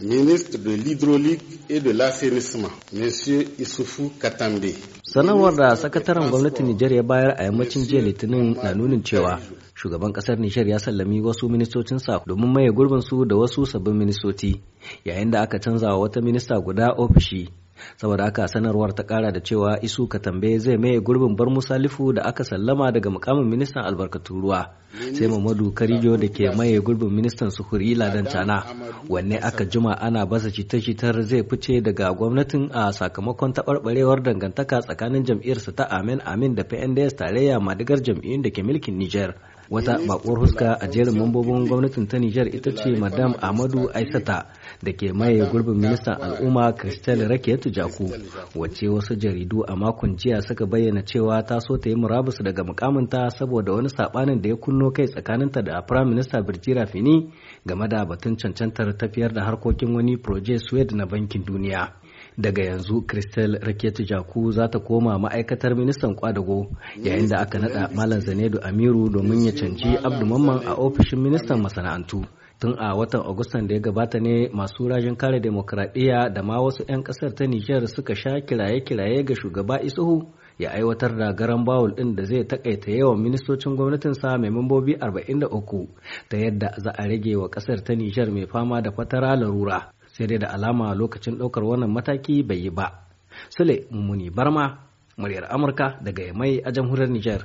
ministre de l'hydraulique et de l'assainissement, M. Issoufou Katambe. Sanarwar da sakataren gwamnatin Nijar ya bayar a yammacin jiya Litinin na nunin cewa shugaban kasar Nijar ya sallami wasu ministocinsa domin maye su da wasu sabbin ministoci, yayin da aka canza wa wata minista guda ofishi. saboda aka sanarwar ta kara da cewa isu ka tambayi zai maye gurbin bar musalifu da aka sallama daga mukamin ministan albarkatun ruwa sai mamadu karijo da ke maye gurbin ministan sufuri ladan cana wanne aka jima ana basa cita-citar zai fice daga gwamnatin a sakamakon taɓarɓarewar dangantaka tsakanin jam'iyyarsa ta amin amin da pnds tarayya madigar jam'iyyun da ke mulkin niger wata bakuwar huska a jerin mambobin gwamnatin ta nijar ita ce madam amadu aisata da ke maye gurbin ministan al'umma kristal rakiyatu jaku wacce wasu jaridu a makon jiya suka bayyana cewa ta so ta yi murabus daga mukaminta saboda wani sabanin da ya kunno kai tsakaninta da prime minister birjira fini game da batun cancantar tafiyar da harkokin wani proje suwed na bankin duniya daga yanzu kristal raketu jaku za ta koma ma'aikatar ministan kwadago yayin da aka nada malam zanedu amiru domin ya canji abdu mamman a ofishin ministan masana'antu tun a watan agustan da ya gabata ne masu rajin kare demokradiyya da ma wasu 'yan kasar ta nijar suka sha kiraye-kiraye ga shugaba isuhu ya aiwatar da garan bawul din da zai takaita yawan ministocin gwamnatinsa mai membobi 43 ta yadda za a rage wa kasar ta nijar mai fama da fatara larura sai dai da alama lokacin ɗaukar wannan mataki bai yi ba. Sule Mummuni Barma, muryar Amurka daga Yamai a jamhuriyar Nijar.